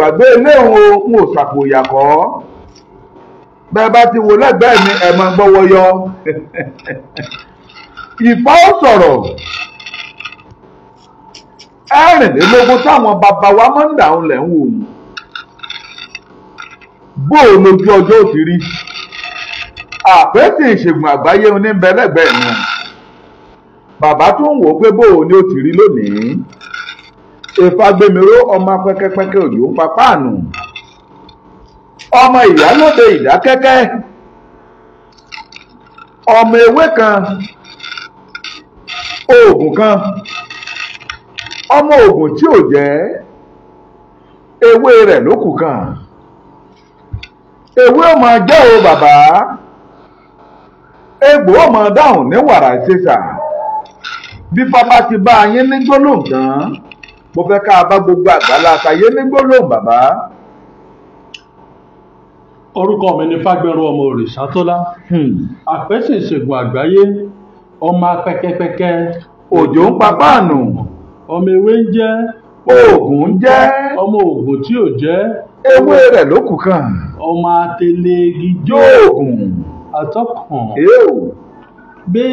gbàgbé eléhùn o n ò ṣàkóyà kọ́ bẹ́ẹ̀ bá ti wò lẹ́gbẹ̀ẹ́ mi ẹ̀ máa gbọ́wọ́ yọ ìfọ́ sọ̀rọ̀ ẹ̀rìnlélógún táwọn bàbá wa máa ń dàrún lẹ̀ ń wò ó bó o lójú ọjọ́ ò ti rí àpẹẹtì ìṣègùn àgbáyé oníbẹ̀lẹ́gbẹ̀ẹ́ mi bàbá tó ń wò ó pé bó o ní ó ti rí lónìí ìfagbèmíró ọmọ pẹkẹpẹkẹ òjò ń papá ànú ọmọ ìyálóde ìdákẹ́kẹ́ ọmọ ewé kan oògùn kan ọmọ oògùn tí ò jẹ́ ewé rẹ̀ lókù kan ewé ọmọ jẹ́ o bàbá egbò ọmọ dáhùn ní wàrà ìṣesà bí bàbá ti bá yín ní gbólóhùn tán mo fẹ́ ká a bá gbogbo àgbàlá àtàyé ní gbólóhùn bàbá. orúkọ mi ni fágbẹ́rù ọmọ òrìṣàtọ́lá hmm. àfẹ́sìn ìṣègùn àgbáyé ọmọ apẹkẹpẹkẹ òjò ń papá ànù ọmọ ewé ń jẹ oògùn ń jẹ ọmọ oògùn tí ò jẹ ewé rẹ̀ ló kù kàn ọmọ atẹlẹgi jóògùn àtọkàn bí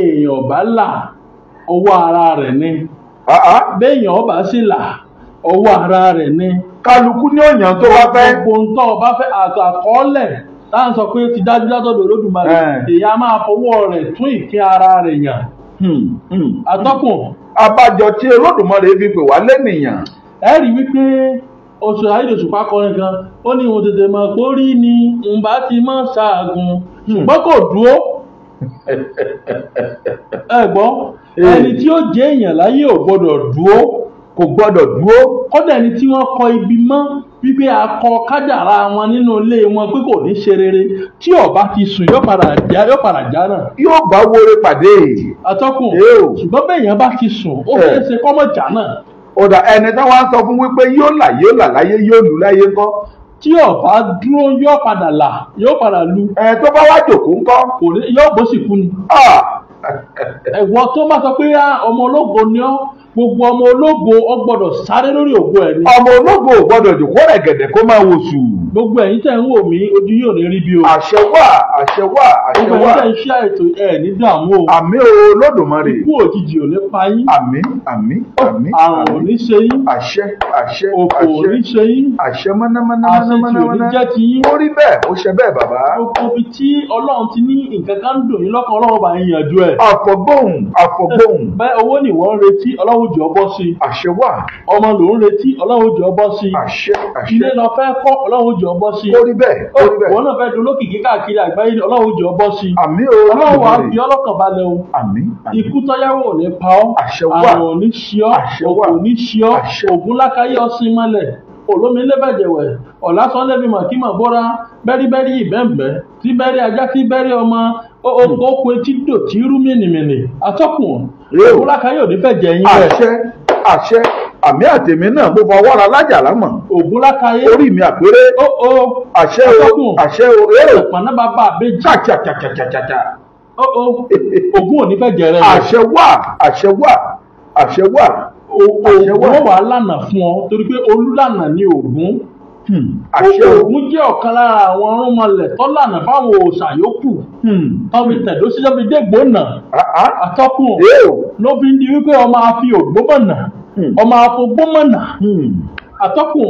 èèyàn bá là ọwọ́ ara rẹ̀ ni. Ah, ah. béèyàn ọba sì là ọwọ́ ara rẹ̀ ni. kálukú ní òyìn tó wá fẹ́. gbogbo ń ọba fẹ́ àkọọ́lẹ̀ tá à ń sọ pé ti dájú látọ̀dọ̀ olódùmarè èèyàn eh. máa fọwọ́ ara rẹ̀ yàn. Hmm, hmm. atọ́kùn. abájọ tí fi pè wá lẹ́nìyàn. ẹ rí wípé oṣù kọrin kan ó ní òun ni ti mọ̀ ṣáàgùn hmm. ṣùgbọ́n kò ẹ̀gbọ́n ẹni tí ó jẹ́ èèyàn láyé ò gbọ́dọ̀ dúró kò gbọ́dọ̀ dúró kódà ẹni tí wọn kọ ibi mọ wípé akọ kọ kádàrá wọn nínú ilé wọn pé kò ní ṣe rere tí ọba ti sùn yóò padà já yóò padà já náà. yóò bá wọlé pàdé. atọ́kùn ṣùgbọ́n bẹ́ẹ̀ bá ti sùn ó eh. fẹ́ ṣe kọ́mọ̀jà náà. ọ̀dà ẹni táwọn sọ fún wípé yóò là yóò là láyé yóò lù láyé ńkọ́ tí ọba dúró yóò padà là yóò padà lu. ẹ tó bá wá jòkó ńkọ́. kò ní yóò bó sì kú ni. ẹ̀wọ̀n tó bá sọ pé ọmọ ológo ni ọ́ gbogbo ọmọ ológo ọ gbọ́dọ̀ sáré lórí ògo ẹ̀ ni. ọmọ ológo ò gbọ́dọ̀ jòkó rẹ̀ gẹ̀dẹ̀ kó máa wò sùn gbogbo ẹ̀yin tẹ́ ń wò mí ojú yóò ní rí bí o. àṣẹ wà àṣẹ wà àṣẹ wà. gbogbo ẹ̀yin tẹ́ ń ṣe ètò ẹ̀ ní dààmú o. àmì Olódùmarè. ikú òjijì ò ní pa yín. àmì àmì àmì. àrùn ò ní ṣe yín. àṣẹ àṣẹ àṣẹ. òkò ò ní ṣe yín. àṣẹ mọ́námọ́ná mọ́námọ́ná. àṣetì ò ní jẹ́ ti yín. ó rí bẹ́ẹ̀ ó ṣe bẹ́ẹ̀ bàbá. gbogbo ibi tí Ọlọ́run ti ní nǹkan kan ni wọ́n ń retí Ọlọ́run jọ̀ọ́ bọ́ sí. àṣẹ wà. ọmọ lòún retí Ọlọ́run jọ̀ọ́ bọ́ ilé lọ fẹ́ kọ́ ọlọ́run jọ bọ́ sí i orí bẹ́ẹ̀ orí bẹ́ẹ̀ òun náà fẹ́ dolókìkí káàkiri àgbáyé ni ọlọ́run jọ bọ́ sí i àmín o ọlọ́run wàá fi ọlọ́kàn balẹ̀ o àmín ikú tọ́yáwó ò ní pa ọ́ àrùn ò ní ṣí ọ́ òkú ò ní ṣí ọ́ ògún lákàyè ọ̀sìn mọ́lẹ̀ olómi lébàjẹ̀wẹ̀ ọ̀lásán lẹ́bi màkímọ̀ bọ́ra bẹ́rìbẹ́rì ìbẹ́ǹbẹ́ tí bẹ́rì ajá tí bẹ́rì ọmọ ọkọ̀ okùn etí dò tí rú mìnìmìnì atọ́kùn ògún lákàyè ò ní fẹ́ jẹ́ yín bẹ́ẹ̀ àṣẹ àṣẹ àmì àtẹ̀mí náà mo fọ wọ́ra lájà lámọ̀. ògùn lákàyé orí mi àpérè. ó oh, ó oh. àṣẹ o àṣẹ o èrò. ọ̀pọ̀nà bàbá àbẹ́jì. kàkàkàkàkàkà. ó ó ògùn ò ní fẹ́ jẹrẹ rẹ. àṣẹ wà àṣẹ wà àṣẹ wà. ògùn wà lànà fún ọ torí pé olùlànà ni ògùn. Hmm, àṣẹ ògùn jẹ́ ọ̀kan lára àwọn ọ̀rúnmọlẹ̀ tó lànà fáwọn òòṣà yòókù. Hmm. tọ́bi tẹ̀dó sí tọ́bi dégbò náà. àtọ́kùn ah, ah. ló fi ń di wípé ọmọ àfi ògbó bọ̀nà. Hmm. ọmọ àfọgbọ́mọ̀nà hmm. atọ́kùn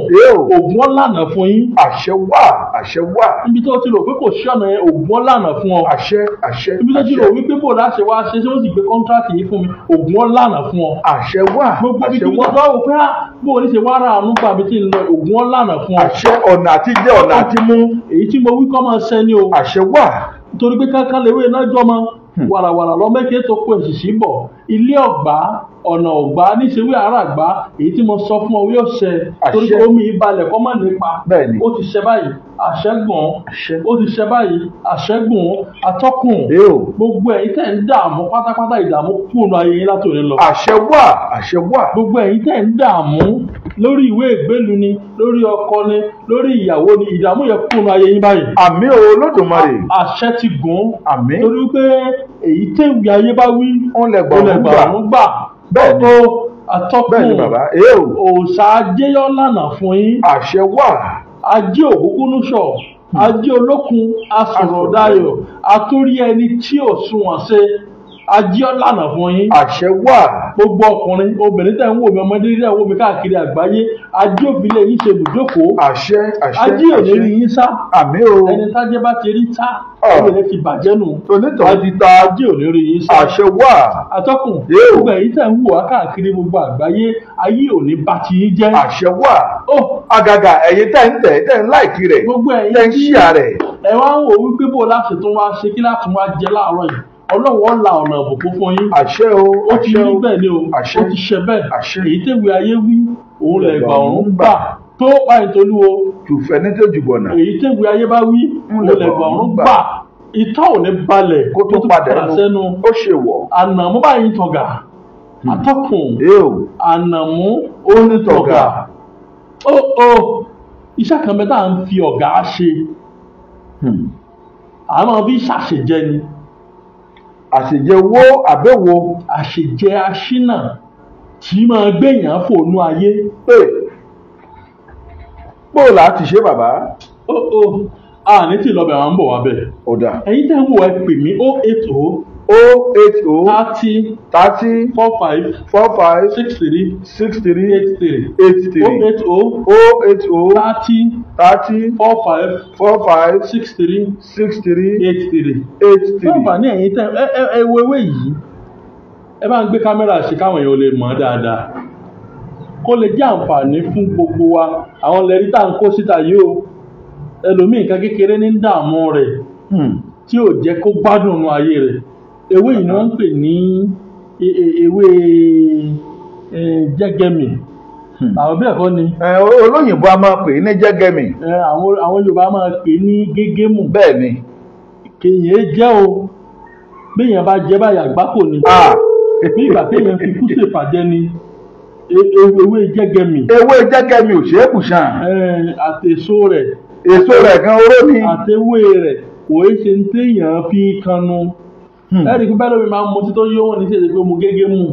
ògùn ọ̀lànà fún yín. àṣẹ wà àṣẹ wà. ibi tó ti rò pé kò sọ̀nà ògùn ọ̀lànà fún ọ. àṣẹ àṣẹ. ibi tó ti rò wípé bò láṣẹ wá ṣe ṣé ó sì gbé kọ́ńtrátì yìí fún mi ògùn ọ̀lànà fún ọ. àṣẹ wà àṣẹ wà. gbogbo ibi tí wọ́n bá wò pé ah, bó o ní ṣe wá ra àánú gbà mí tí ń lọ ògùn ọ̀lànà fún ọ. àṣẹ ọ̀nà àti jẹ́ ọ̀nà àti mú. èyí tí mo wí kọ́ máa ṣẹ ni o. àṣẹ náà jọ hmm. wàràwàrà lọ mẹ́kẹ́ tó kó èsì sí bọ̀ ilé ọ̀gbá ọ̀nà ọ̀gbá níṣẹ́ wí ara àgbá èyí tí mo sọ fún ọ wí ọ̀sẹ̀ torí omi ìbalẹ̀ kọ́ mọ̀ nípa ó ti ṣe báyìí àṣẹ́gun ó ti ṣe báyìí àṣẹ́gun atọ́kùn gbogbo ẹ̀yin tẹ̀ ń dààmú pátápátá ìdààmú kùnú ayé yín látòrí lọ. àṣẹwà àṣẹwà. gbogbo ẹ̀yin tẹ̀ ń dààmú lórí ìwé ìgbélu ni lórí ọkọ ni lórí ìyàwó ni ìdààmú yẹn kùnú ayé yín báyìí. àmì olódùmarè. àṣẹ ti gùn. àmì. torí pé èyí tẹ̀ ń gbé ayé bá wí. ó lẹ̀ gbà ó gbà bẹ́ẹ̀ ni atọ́kùn òòṣà ajé yọ lànà fún yín àṣẹ wà ajé ògúngúnúṣọ hmm. ajé olókun asọ̀rọ̀dayọ̀ àtúrí ẹni tí ò sunwọ̀n ṣe ajíọ́lànà fún yín. àṣẹ wà. gbogbo ọkùnrin obìnrin tẹ̀ ń wò mí ọmọdé rírẹ̀ wò mí káàkiri àgbáyé ají òbílẹ̀ yín ṣe bùjókòó. àṣẹ àṣẹ ají òní rí yín sá. àmín o. ẹni tájẹ́ bá ti rí sá. obìnrin ah. ti bàjẹ́ nù. onítọ̀ ti ta ají òní rí yín sá. àṣẹ wà. atọ́kùn gbogbo èyí tẹ̀ ń wò wá káàkiri gbogbo àgbáyé ayé òní bá ti yín jẹ́. àṣẹ wà. ó àgàgà ẹ̀yin tẹ̀ ń tẹ̀ tẹ̀ ń láìkí rẹ̀. gbogbo ẹ̀yin tí ẹ wá ń wò wípé bó láti tún wá ṣe kí láti wá jẹ láàárọ̀ yìí ọlọ́run ọ̀la ọ̀nà àbùkù fún yín. àṣẹ o ó ti yí bẹ́ẹ̀ ni o ó ti ṣe bẹ́ẹ̀ èyí tẹ̀wé ayé wí òun lẹ̀ gbà ọ̀run gbà tó báyìí tolú o. tùfẹ́ ní tó jù bọ̀nà. èyí tẹ̀wé ayé bá wí òun lẹ̀ gbà ọ̀run gbà ìtọ́ ò ní balẹ̀ kó tó padà sẹ́nu ó ṣe wọ̀. ànàmú báyìí tọ̀gà hmm. atọ́kùn ànàmú ó ní tọ̀gà. ó ó iṣẹ́ kan bẹ́ẹ̀ tá à ń fi ọ̀gá ṣe hmm. àmọ́ bí ṣàṣejẹ ni. Hmm àṣejẹ wó àbẹ̀wò àṣejẹ aṣínà tí máa gbẹ̀yàn fònú ayé pé bó la ti ṣe bàbá. ó ó àní tí lọ́bẹ̀ àwọn ń bọ̀ wá bẹ̀. ọ̀dà ẹ̀yin tẹ́ ń wọ ẹ pè mí ó oh ètò O eight O thirty thirty four five four five six three six three eight three eight three O eight O O eight O thirty thirty four five four five six three six three eight three eight three. Fọ́nfà ní ẹ̀yìn tẹ́ ẹ ẹ ẹ wo ewé yìí ẹ bá ń gbé kámẹ́rà ṣe káwọn èèyàn lè mọ̀ dáadáa kó lè jẹ́ àǹfààní fún gbogbo wa àwọn lẹ́rí tá à ń kó síta yìí o ẹlòmíì nǹkan kékeré ní dààmú rẹ̀ tí yóò jẹ́ kó gbádùn ayé rẹ̀ ewé yìí ni wọ́n ń pè ní e, e, ewé e, jẹ́gẹ́mì hmm. àwọn bí ẹ̀kọ́ ni. olóyìnbó a máa pè é ní jẹ́gẹ́mì. àwọn Yorùbá a máa pè é ní gégémù. bẹ́ẹ̀ kèèyàn jẹ́ o béèyàn bá jẹ́ báyà gbáko ni. Ah. bí ìgbà téèyàn fi kú ṣèpàdé ni ewé jẹ́gẹ́mì. ewé jẹ́gẹ́mì ò ṣeé kùsàn. àtẹ̀so rẹ̀. èso rẹ̀ gan oró ni. àtẹ̀wé rẹ̀ kò é ṣe ń téèyàn fi kanu. Hmm. ẹ̀rí pípẹ́ lómi máa ń mutí tó yówó ní ṣèṣe pé mo gégé mu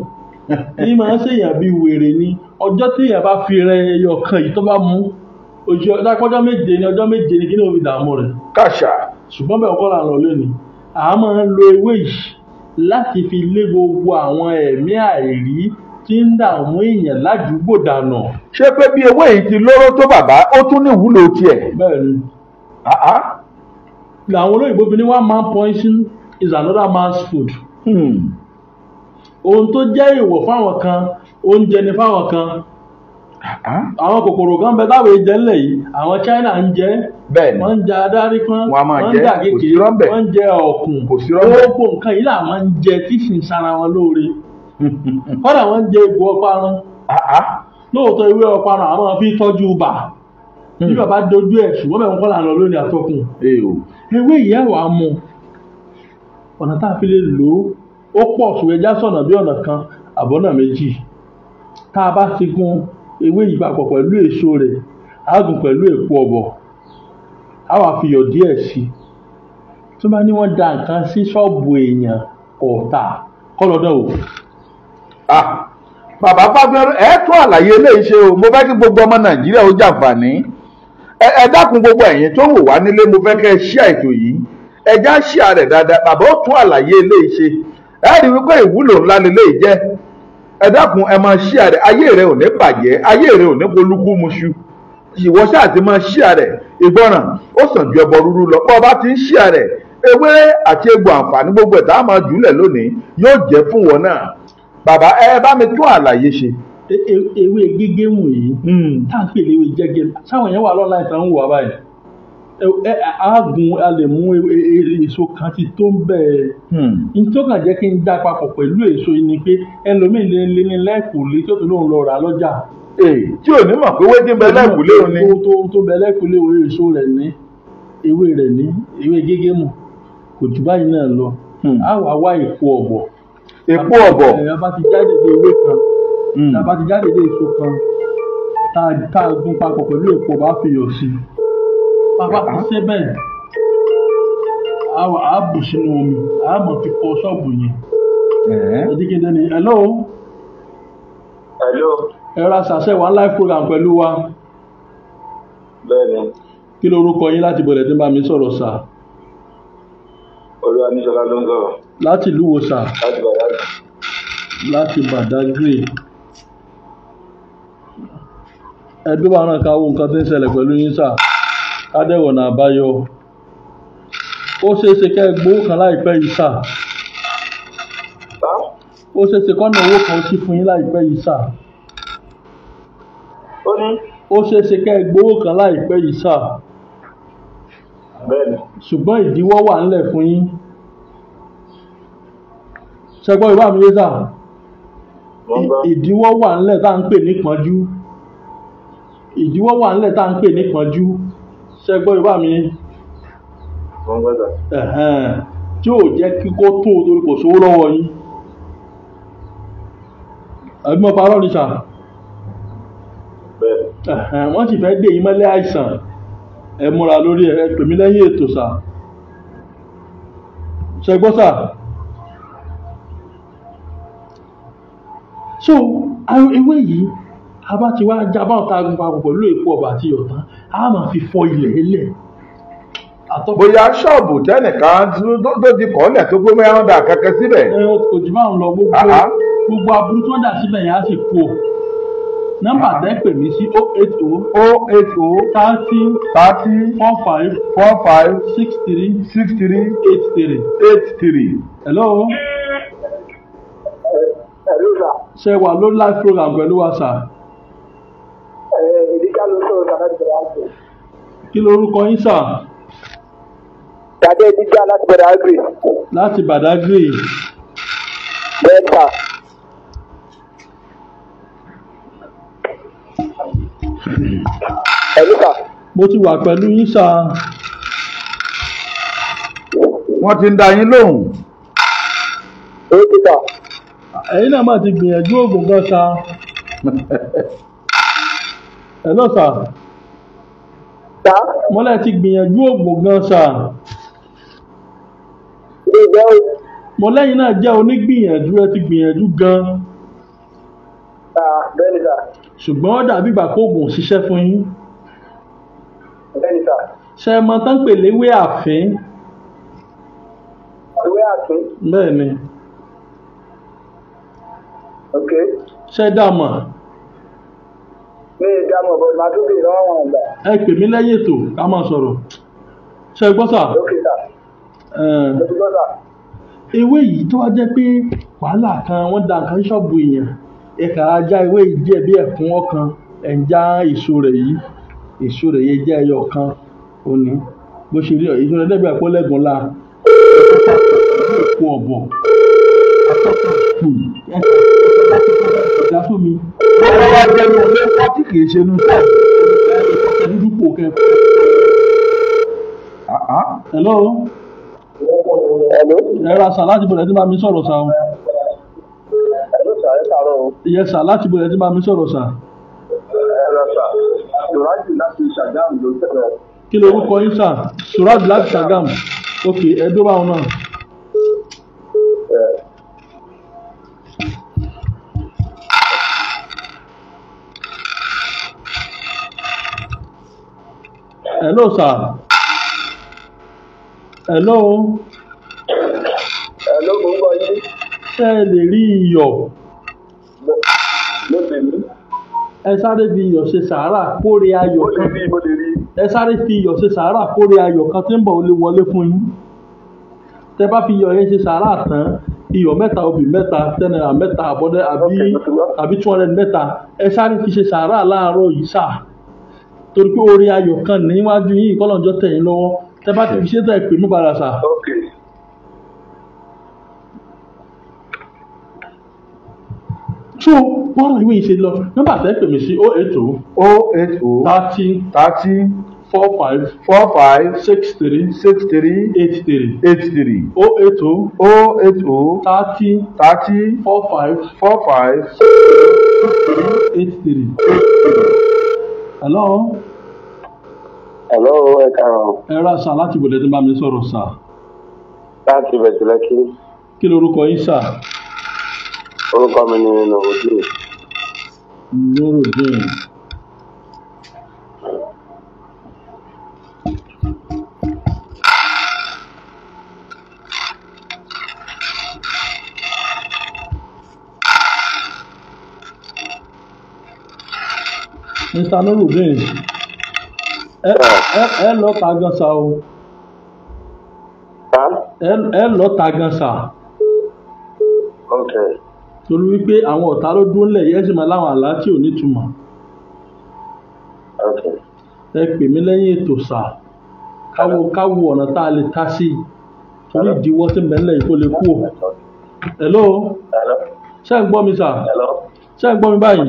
ní máa ń ṣèyàn bíi wèrè ni ọjọ́ tí èèyàn bá fi rẹ ẹyọ kan yìí tó bá mú ojú ọjọ́ méje ni ọjọ́ méje ni kí ni òfin dààmú rẹ̀. kàṣà. ṣùgbọ́n bẹ́ẹ̀ kọ́ là ń lọ lónìí à á máa ń lo ewé yìí láti fi lé gbogbo àwọn ẹ̀mí àìrí tí ń dààmú èèyàn ládùúgbò dànù. ṣé pé bí ewé yìí ti lóró tó bàbá ó tún ní ìwúlò tiẹ̀. bẹ́ẹ̀ ni làwọn olóyìnbó fi ní one man poison is another man's food. Hmm. ohun tó jẹ́ ìwọ̀ fáwọn kan oúnjẹ ni fáwọn kan ah, ah. àwọn kòkòrò kan bẹ táwọn èèyàn ńlẹ̀ yìí àwọn China ń jẹ wọ́n ń jẹ adarí pọ́n wọ́n ń jẹ àkèké wọ́n ń jẹ ọ̀kùn gbogbo nǹkan yìí làwọn ń jẹ tí sì ń sara wọn lóore kọ́dà wọ́n ń jẹ egbò ọparun ah, lóòótọ́ ewé ọparun àwọn fi tọ́jú bà bí hmm. bàbá dojú ẹ̀ ṣùgbọ́n bẹ́ẹ̀ ń kọ́ lànà lónìí àtọkùn ewé ọ̀nà tá a fi lè lò ó ó pọ̀ sùn ẹja sọ̀nà bí ọ̀nà kan àbọ̀nà méjì tá a bá ti gun ewé yìí papọ̀ pẹ̀lú èso rẹ̀ a gùn pẹ̀lú èpo ọ̀bọ̀ á wà fi yọ̀ díẹ̀ sí i tó bá ní wọ́n da nǹkan sí ṣọ́ọ̀bù èèyàn kọ̀ọ̀tà kọ́lọ́dọ̀ o. bàbá Fábíọ́lá ẹ tún àlàyé eléyìí ṣe o mo fẹ́ kí gbogbo ọmọ Nàìjíríà ó jàǹfààní ẹ dákun gbogbo ẹ̀yin tó wò wá nílé mo fẹ́ kẹ́ ẹ ṣí àìtò yìí ẹja ṣe àrẹ dáadáa bàbá ó tún àlàyé ilé ṣe ẹ rí wípé ìwúlò ńlá leléyìí ẹ dákun ẹ máa ṣe àrẹ ayé rẹ ò ní bàjẹ́ ayé rẹ ò ní polúkú muṣu ìwọ ṣáà máa ṣe àrẹ ìgbọràn ó sàn ọba ti ń ṣe àrẹ ewé àti egbò gbogbo ẹ̀ tá a máa jùlẹ̀ lónìí yóò jẹ́ fún wọn náà bàbá ẹ bá mi tún àlàyé ṣe e, e, ewé yìí hmm. tá jẹgẹ sáwọn yẹn wà lọ́la ìtàn àágùn a lè mú èso kan ti tó bẹ́ẹ̀. nítorí jẹ́ kí n dá papọ̀ pẹ̀lú èso yìí ni pé ẹlòmíì lè lé ní lẹ́kùlé tó tó lóun lọ rà lọ́jà. tí ò ní mọ̀ pé tí bẹ lẹ́kùlé òun tó tó bẹ lẹ́kùlé òun èso rẹ̀ ní ewé rẹ̀ ní ewé gégé kò jù báyìí náà lọ. a wà wá èpo ọ̀bọ̀. èpo ọ̀bọ̀. ti bàbá ti ṣe bẹ́ẹ̀ àwọn ààbò sínú omi àmọ̀ fi pọ̀ ṣọ́ọ̀bù yẹn. ẹ̀ẹ́dẹ́gẹ́dẹ́ ni hello. hello. ẹ̀rọ aṣàṣẹ wa live program pẹ̀lú wa. bẹ́ẹ̀ni. kí lorúkọ yín láti bọ̀lẹ̀ tí ń bá mi sọ̀rọ̀ sà. olúwa níṣọlá ló ń sọ̀rọ̀. láti ìlú wo sà. láti Badagry. láti Badagry. ẹdún wa náà ká wo nǹkan tó ń ṣẹlẹ̀ pẹ̀lú yín sà kádẹ́wọ̀ náà báyọ̀ ó ṣeéṣe kẹ́ ẹ gbowó kan láìpẹ́ yìí sà ó ṣeéṣe kọ́nà owó kan sí fún yín láìpẹ́ yìí sà ó ṣeéṣe kẹ́ ẹ gbowó kan láìpẹ́ yìí sà ṣùgbọ́n ìdíwọ́ wà ńlẹ̀ fún yín ṣẹgbọ́n ìwà mi yé sà ìdíwọ́ wà ńlẹ̀ tá à ń pè ní pọ́njú ìdíwọ́ wà ńlẹ̀ tá à ń pè ní pọ́njú ṣe gbọ́ yorùbá mi tí ò jẹ́ kíkọ́ tó torí kò sówó lọ́wọ́ yín àbí mo parọ́ ní sà wọ́n sì fẹ́ dé yín mọ́lẹ̀ àìsàn ẹ múra lórí ẹ pèmí lẹ́yìn ètò sà ṣe gbọ́ sà. so ewé yìí abá ti wá jábá ọ̀tá agun papọ̀ pẹ̀lú èpo ọ̀bà àti ọ̀tán a máa fi fọ ilẹ̀ ẹlẹ̀. bóyá ṣọ́ọ̀bù tẹ́nìkan tó ti kọ́lẹ̀ tó gbé mẹ́rin dà kẹ́kẹ́ síbẹ̀. ẹ òjì máa ń lọ gbogbo gbogbo aburú tó ń dà síbẹ̀ yẹn á sì kú o nọ́mbà tẹ́ pè mí sí o oh eight o. Oh, o eight o. Oh, thirty. thirty. four five. four five. six three. six three. eight three. eight three. hello ṣe wà ló live program pẹ̀lú wa sir kí lorúkọ yín sà. Tàdé Dídá láti Badagry. Láti Badagry. Bẹ́ẹ̀ sà. Ẹ̀lú sà. Mo ti wà pẹ̀lú yín sà. Wọ́n ti ń dá yín lóhùn. Èyí ti sà. Ẹ̀yin náà máa ti gbìyànjú oògùn gan sà. hello sir sá. mọ́lá ti gbìyànjú oògùn gan sá. ìgbà o. mọ́lá yìí náà jẹ́ onígbìyànjú ẹ ti gbìyànjú gan. sá bẹ́ẹ̀ni sá. ṣùgbọ́n ó dàbí ìgbà kó oògùn ṣiṣẹ́ fún yín. bẹ́ẹ̀ni sá. ṣe é mọ tán pè léwé àfín. léwé àfín. ok. ṣe dá mọ̀ mi ì dá mọ̀ bọ́ màá tún bèèrè lọ́wọ́ wọn ìgbà. ẹ pè mí lẹ́yìn ètò ká máa sọ̀rọ̀ ṣe gbọ́ sà. ewé yìí tó wá jẹ́ pé wàhálà kan wọ́n da nǹkan ṣọ́ọ̀bù èèyàn ẹ kà á já ewé yìí díẹ̀ bí ẹ̀kún ọkàn ẹ̀ ń já èso rẹ̀ yìí èso rẹ̀ yìí jẹ́ ẹyọ kan òní bó ṣe rí ọ̀ èso rẹ̀ dẹ́gbẹ̀ẹ́ pọ́ lẹ́gùn la ẹ̀kọ́ ọ̀bọ̀ ẹ̀kọ́ ọ̀bọ̀ dá fún mi wọ́n wá jẹ́ inú ilé wọ́n tí kì í ṣe inú sọ́ọ̀bù ẹ̀ dúdú pò kẹ́. hello. ẹ ra sà láti bẹ̀rẹ̀ tí bá mi sọ̀rọ̀ sà o. ìyẹn sà láti bẹ̀rẹ̀ tí bá mi sọ̀rọ̀ sà. ẹ ra sà sùrájì láti Ṣàgámù ló ń tẹ̀lé. kí lorúkọ yín sà sùrájì láti Ṣàgámù ok ẹ dúró àwọn náà. hello sir. hello. hello mo ń gbọ́ yín. ṣé ẹ lè rí iyọ̀. mo lè rí. ẹ sáré fi iyọ̀ ṣe sàárà kóre ayọ̀ kan. mo lè rí ẹ sáré fi iyọ̀ ṣe sàárà kóre ayọ̀ kan tí ń bọ̀ ó lè wọlé fún yín. tẹ bá fi iyọ̀ yẹn ṣe sàárà tán iyọ̀ mẹ́ta obì mẹ́ta ten naira mẹ́ta àbọ̀dẹ́ àbí two hundred mẹ́ta ẹ sáré fi ṣe sàárà láàárọ̀ yìí sáà torí pé orin ayọ̀ kan níwájú yìí kọ́lọ́njọ́ tẹ̀yìn lọ́wọ́ tẹ bá ti fi ṣe tẹ̀ pé mú padà sà. so bọ́ọ̀lù ìwé ìṣe lọ nọ́mbà tẹ́ pè mí sí o oh eight o. Oh o oh eight o. thirty. thirty. four five. four five. six three. six three. eight three. eight three. o eight o. o eight o. thirty. thirty. four five. four five. six three. eight three. eight three hello. hello ẹ káàárọ̀. ẹ ra sà láti ibùdó tí bá mi sọ̀rọ̀ sà. láti bẹ̀tùlẹ́kì. kí lorúkọ yín sà. orúkọ mi ni nurudeen. nurudeen. Mr. Nurudeen ẹ ẹ lọ ta gan sa o ẹ lọ ta gan sa torí wípé àwọn ọ̀tá ló dún lẹ̀ yẹ́sì máa láwọn àlá tí ò nítumọ̀ ẹ pè mí lẹ́yìn ètò sà káwo káwo ọ̀nà tá a lè ta sí torí ìdíwọ́ sí mẹ́lẹ̀ yìí kó lè kú o. hello ṣé ń gbọ́ mi sà ṣé ń gbọ́ mi báyìí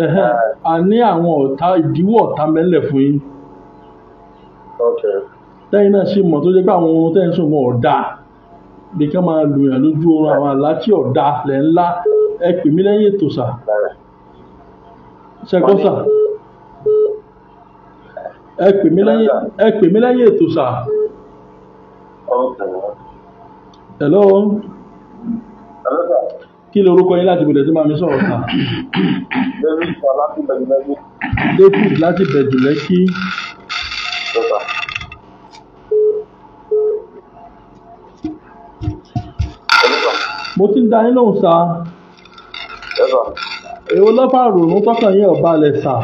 a ní àwọn ọ̀tá ìdíwọ́ ọ̀tá mẹ́lẹ̀ fún yín tẹ́yìn náà ṣe mọ̀ tó jẹ́ pé àwọn ohun tẹ́yìn sọ̀gbọ́n ọ̀dà bí ká máa lu yàn lójú oorun àwọn àlá tí ọ̀dà lẹ̀ ńlá ẹ pè mí lẹ́yìn ètò sà ṣẹ́gbọ́n sà ẹ pè mí lẹ́yìn ẹ pè mí lẹ́yìn ètò sà. hello. hello sir kí ló orúkọ yín láti bẹ̀rẹ̀ tí máa mi sọ̀rọ̀ sà. david láti bẹ̀jùlẹ́kí. mo ti ń da yín lóhùn sá. èwo lọ́fà ròrùn tọ́kàn yín ọ̀ba lẹ̀ sà.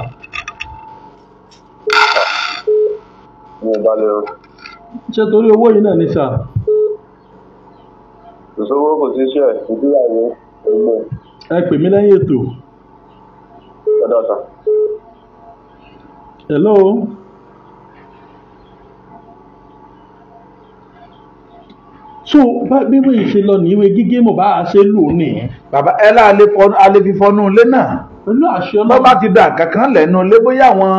ṣé torí owó yìí náà ni sà. kò sówó kò sí iṣẹ́ ìdílé àwọn ẹ pè mí lẹ́yìn ètò. hello. so bí wọ́n ṣe lọ ní ìwé gígé mọ̀ bá a ṣe lò ní. bàbá ẹ lá alẹ́ fífọ́nú ilé náà. pẹ̀lú àṣẹ ọlọ́run. bọ́bá ti dà kankan lẹ́nu ilé bóyá àwọn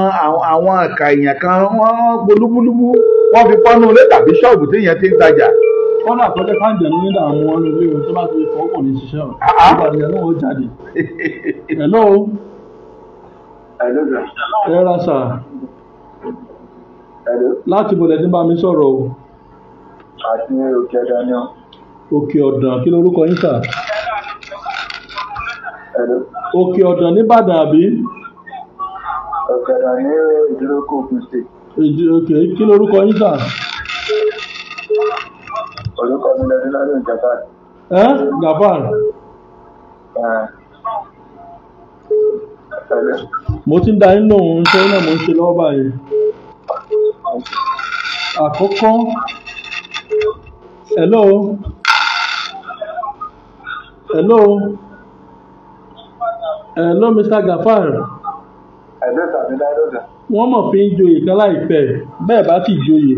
àwọn àkàìyàn kan wọ́n polúbúlúbú wọ́n fi fọ́nú ilé tàbí ṣọ́ọ̀bù téèyàn ti ń tajà. kọ́nà tó lé fáǹjẹ̀ ndị ní ìdààmú wọn lórí ohun tó bá ti fọ́ kò ní o nígbà tí ẹlọ́wọ́ jáde. hello. ẹ ra sà. láti bọ̀dẹ̀ tí bá mi sọ̀rọ̀ o. àti òkè ọ̀dàn òkè ọ̀dàn kí lorúkọ yín sà. òkè ọ̀dàn nìbàdàn àbí. òkè ọ̀dàn ní ìdúró kò orúkọ mi lọ sí lọ́dún Japan. ẹ Japan. mo ti ń da yín lóhùn iṣẹ́ náà mo ń ṣe lọ́wọ́ báyìí. àkọ́kọ́ hello hello hello Mr. Gafar. ẹ̀dọ́ tàbí dáadọ́ta. wọ́n mọ̀ fi ń joyè kan láìpẹ́ bẹ́ẹ̀ bá ti joyè.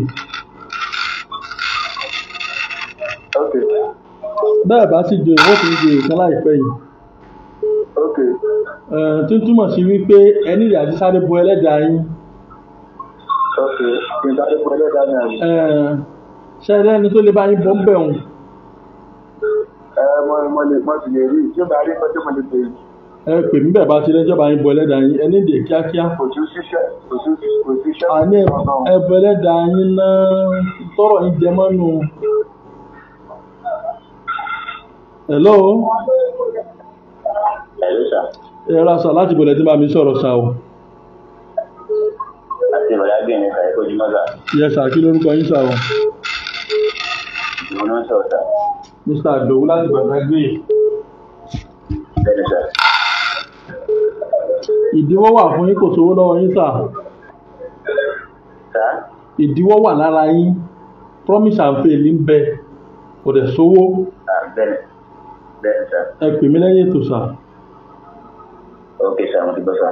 bẹ́ẹ̀ bá sì joyè wọ́n ti ń joyè kan láìpẹ́ yìí. tó túmọ̀ sí wípé ẹni ìyá ti sáré bo ẹlẹ́dàá yín. ṣé ẹ lẹ́ni tó lè bá yín bọ́ ń bẹ̀ wọ̀n. mo lè mo sì lè rí tí ó bá rí pẹ́ẹ́tẹ́ mo lè pè é. ẹ pè mí bẹ́ẹ̀ bá ti lẹ́jọ́ bá yín bo ẹlẹ́dàá yín ẹni dè kíákíá. kò tún ṣiṣẹ́ kò tún ṣiṣẹ́. àní ẹ bo ẹlẹ́dàá yín náà tọrọ yín jẹ mọ́nu hello. hello sir. ẹ ra sa láti bọ̀lẹ̀ tí bá mi sọ̀rọ̀ sa o. láti ìrọ̀lẹ́ agbẹ̀yìn ẹ̀ka ẹ̀kọ́ jùmọ̀ sà. yẹ sà kí lórúkọ yín sà o. ìwọ náà sọ̀rọ̀ sà. mr adowu láti bọ̀lẹ̀ agbẹ̀yìn. ìdíwọ́ wà fún yín kò sówó lọ́wọ́ yín sà. ìdíwọ́ wà lára yín promise and fail ń bẹ kò dẹ̀ sówó. Ah, bẹ́ẹ̀ni bẹ́ẹ̀ ni sá. ẹ pè mí lẹ́yìn ètò sá. ok sá mo ti gbọ́ sá.